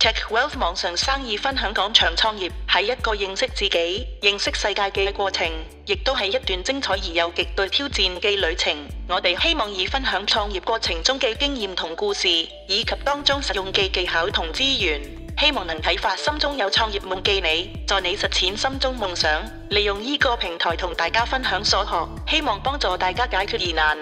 Tech Wealth 網上生意分享廣場創業，係一個認識自己、認識世界嘅過程，亦都係一段精彩而又極度挑戰嘅旅程。我哋希望以分享創業過程中嘅經驗同故事，以及當中實用嘅技巧同資源，希望能啟發心中有創業夢嘅你，助你實踐心中夢想。利用呢個平台同大家分享所學，希望幫助大家解決疑難。